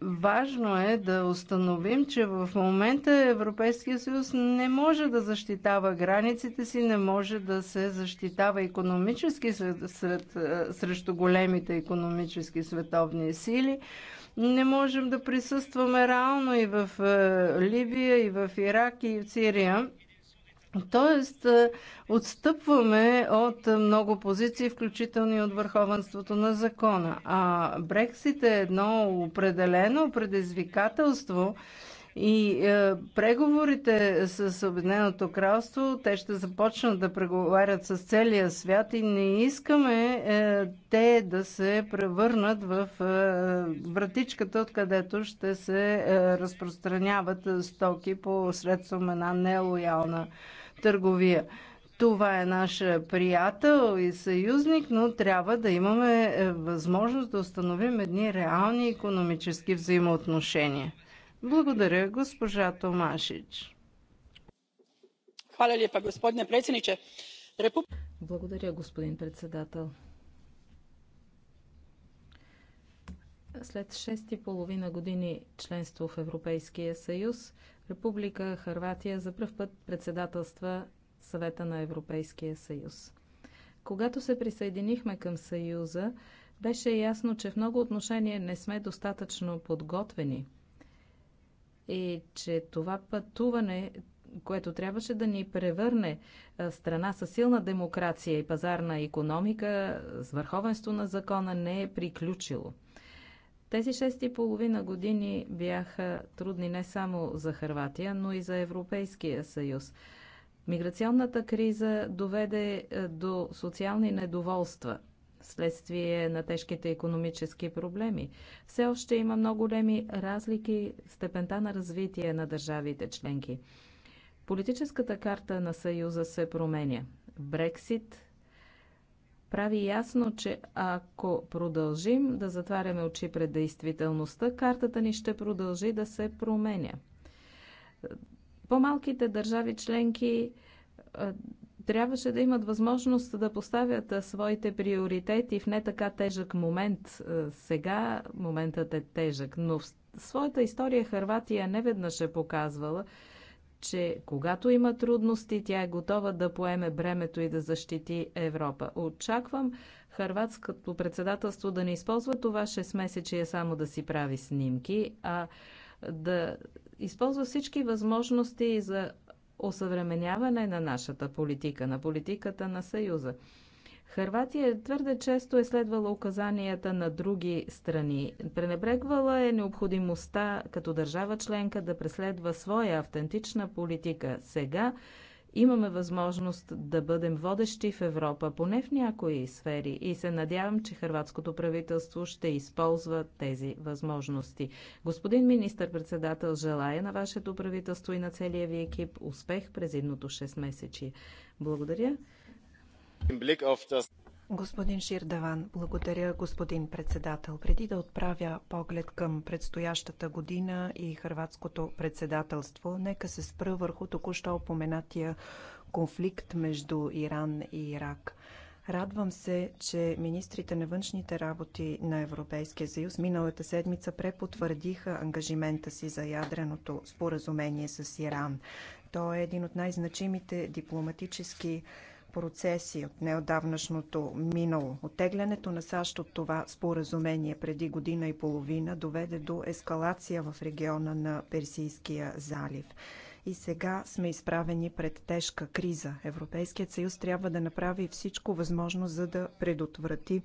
Важно е да установим, че в момента Европейския съюз не може да защитава границите си, не може да се защитава економически сред, сред, срещу големите економически световни сили. Не можем да присъстваме реално и в Ливия, и в Ирак, и в Сирия Тоест, е, отстъпваме от много позиции, включително и от върховенството на закона. А Брексит е едно определено предизвикателство и е, преговорите с Обединеното кралство, те ще започнат да преговарят с целия свят и не искаме е, те да се превърнат в е, вратичката, откъдето ще се е, разпространяват стоки по средством една нелоялна търговия. Това е наш приятел и съюзник, но трябва да имаме е, възможност да установим едни реални економически взаимоотношения. Благодаря, госпожа Томашич. Благодаря, господин председател. След 6,5 години членство в Европейския съюз, Република Харватия за първ път председателства Съвета на Европейския съюз. Когато се присъединихме към Съюза, беше ясно, че в много отношения не сме достатъчно подготвени и е, че това пътуване, което трябваше да ни превърне страна с силна демокрация и пазарна економика, с върховенство на закона, не е приключило. Тези половина години бяха трудни не само за Харватия, но и за Европейския съюз. Миграционната криза доведе до социални недоволства вследствие на тежките економически проблеми. Все още има много големи разлики в степента на развитие на държавите членки. Политическата карта на Съюза се променя. Брексит прави ясно, че ако продължим да затваряме очи пред действителността, картата ни ще продължи да се променя. По-малките държави членки трябваше да имат възможност да поставят своите приоритети в не така тежък момент. Сега моментът е тежък, но в своята история Харватия неведнъж е показвала, че когато има трудности, тя е готова да поеме бремето и да защити Европа. Очаквам Харватското председателство да не използва това 6 месечия само да си прави снимки, а да използва всички възможности за осъвременяване на нашата политика, на политиката на Съюза. Харватия твърде често е следвала указанията на други страни. Пренебрегвала е необходимостта като държава членка да преследва своя автентична политика. Сега имаме възможност да бъдем водещи в Европа, поне в някои сфери и се надявам, че хрватското правителство ще използва тези възможности. Господин министър-председател, желая на вашето правителство и на целия ви екип успех през едното 6 месечи. Благодаря. Господин Ширдаван, благодаря господин председател. Преди да отправя поглед към предстоящата година и хрватското председателство, нека се спра върху току-що опоменатия конфликт между Иран и Ирак. Радвам се, че министрите на външните работи на Европейския съюз миналата седмица препотвърдиха ангажимента си за ядреното споразумение с Иран. То е един от най-значимите дипломатически процеси от неодавнашното минало. Оттеглянето на САЩ от това споразумение преди година и половина доведе до ескалация в региона на Персийския залив. И сега сме изправени пред тежка криза. Европейският съюз трябва да направи всичко възможно, за да предотврати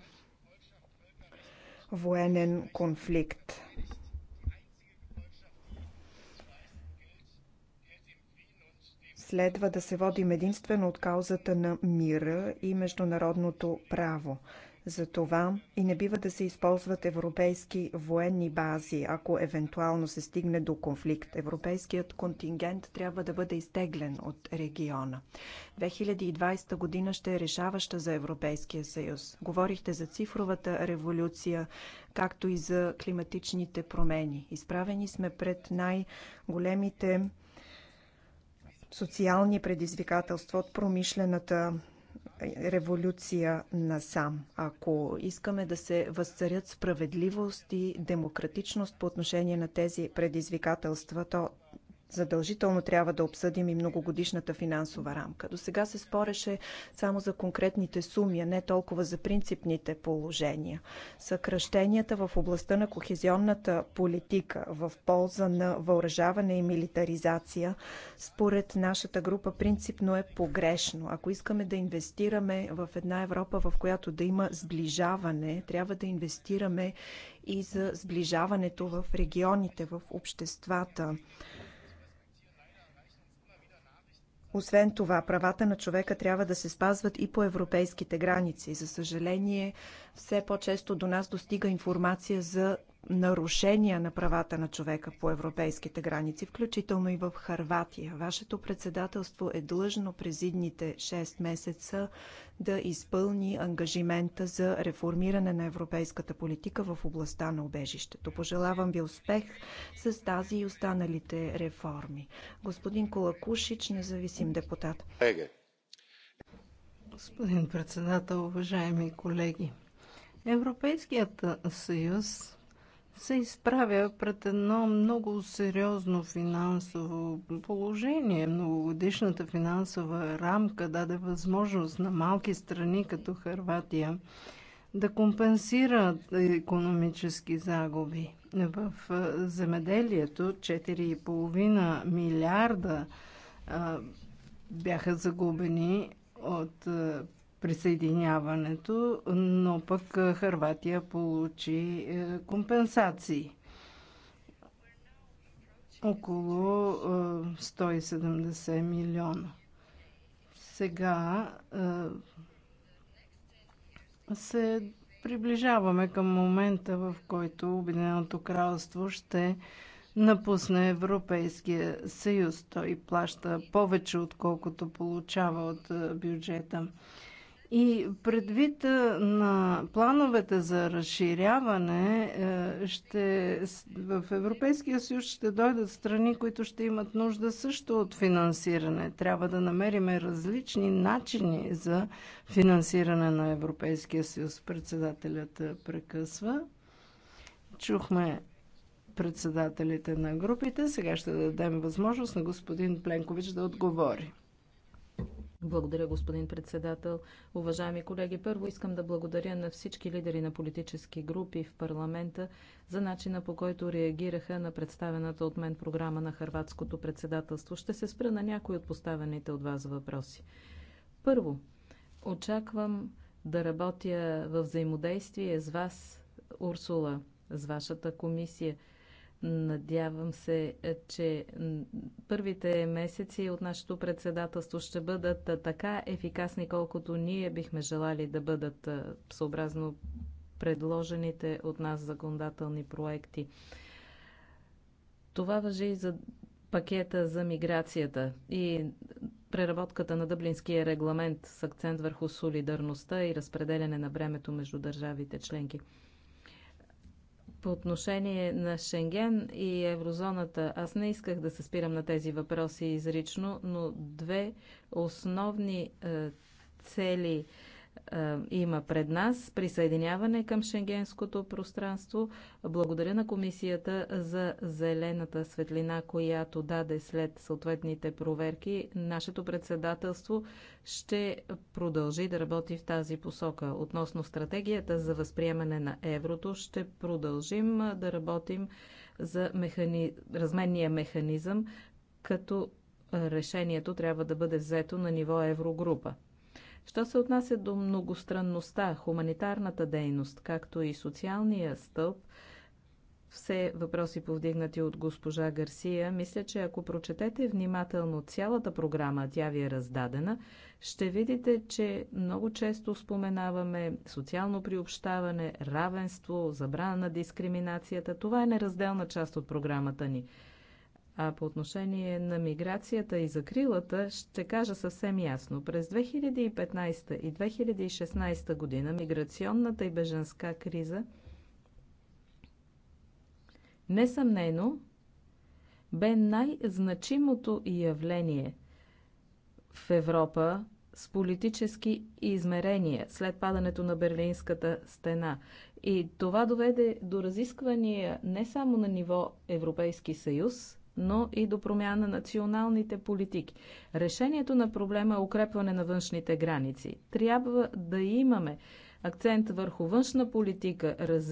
военен конфликт. Следва да се водим единствено от каузата на мира и международното право. за това и не бива да се използват европейски военни бази, ако евентуално се стигне до конфликт. Европейският контингент трябва да бъде изтеглен от региона. 2020 година ще е решаваща за Европейския съюз. Говорихте за цифровата революция, както и за климатичните промени. Изправени сме пред най-големите социални предизвикателства от промишлената революция насам. Ако искаме да се възцарят справедливост и демократичност по отношение на тези предизвикателства, то задължително трябва да обсъдим и многогодишната финансова рамка. До сега се спореше само за конкретните суми, а не толкова за принципните положения. Съкръщенията в областта на кохезионната политика в полза на въоръжаване и милитаризация, според нашата група принципно е погрешно. Ако искаме да инвестираме в една Европа, в която да има сближаване, трябва да инвестираме и за сближаването в регионите, в обществата. Освен това, правата на човека трябва да се спазват и по европейските граници. За съжаление, все по-често до нас достига информация за нарушения на правата на човека по европейските граници, включително и в Харватия. Вашето председателство е длъжно през идните 6 месеца да изпълни ангажимента за реформиране на европейската политика в областта на убежището. Пожелавам ви успех с тази и останалите реформи. Господин Колакушич, независим депутат. Господин председател, уважаеми колеги, Европейският съюз се изправя пред едно много сериозно финансово положение. Многогодишната финансова рамка даде възможност на малки страни като Харватия да компенсират економически загуби. В земеделието 4,5 милиарда бяха загубени от присъединяването, но пък Харватия получи е, компенсации. Около 170 е, милиона. Сега е, се приближаваме към момента, в който Обединеното кралство ще напусне Европейския съюз. Той плаща повече, отколкото получава от бюджета. И предвид на плановете за разширяване, е, ще, в Европейския съюз ще дойдат страни, които ще имат нужда също от финансиране. Трябва да намерим различни начини за финансиране на Европейския съюз. Председателят е, прекъсва. Чухме председателите на групите. Сега ще дадем възможност на господин Пленкович да отговори. Благодаря, господин председател. Уважаеми колеги, първо искам да благодаря на всички лидери на политически групи в парламента за начина по който реагираха на представената от мен програма на Харватското председателство. Ще се спра на някои от поставените от вас въпроси. Първо, очаквам да работя в взаимодействие с вас, Урсула, с вашата комисия – Надявам се, е, че първите месеци от нашето председателство ще бъдат е, така ефикасни, колкото ние бихме желали да бъдат е, съобразно предложените от нас законодателни проекти. Това въжи и за пакета за миграцията и преработката на Дъблинския регламент с акцент върху солидарността и разпределяне на времето между държавите членки по отношение на Шенген и еврозоната. Аз не исках да се спирам на тези въпроси изрично, но две основни е, цели е, има пред нас присъединяване към шенгенското пространство. Благодаря на комисията за зелената светлина, която даде след съответните проверки. Нашето председателство ще продължи да работи в тази посока. Относно стратегията за възприемане на еврото, ще продължим да работим за механи... разменния механизъм, като решението трябва да бъде взето на ниво еврогрупа. Що се отнася до многостранността, хуманитарната дейност, както и социалния стълб, все въпроси повдигнати от госпожа Гарсия, мисля, че ако прочетете внимателно цялата програма, тя ви е раздадена, ще видите, че много често споменаваме социално приобщаване, равенство, забрана на дискриминацията. Това е неразделна част от програмата ни. А по отношение на миграцията и закрилата ще кажа съвсем ясно. През 2015 и 2016 година миграционната и беженска криза несъмнено бе най-значимото явление в Европа с политически измерения след падането на Берлинската стена. И това доведе до разисквания не само на ниво Европейски съюз, но и до промяна на националните политики. Решението на проблема е укрепване на външните граници. Трябва да имаме акцент върху външна политика, развитие,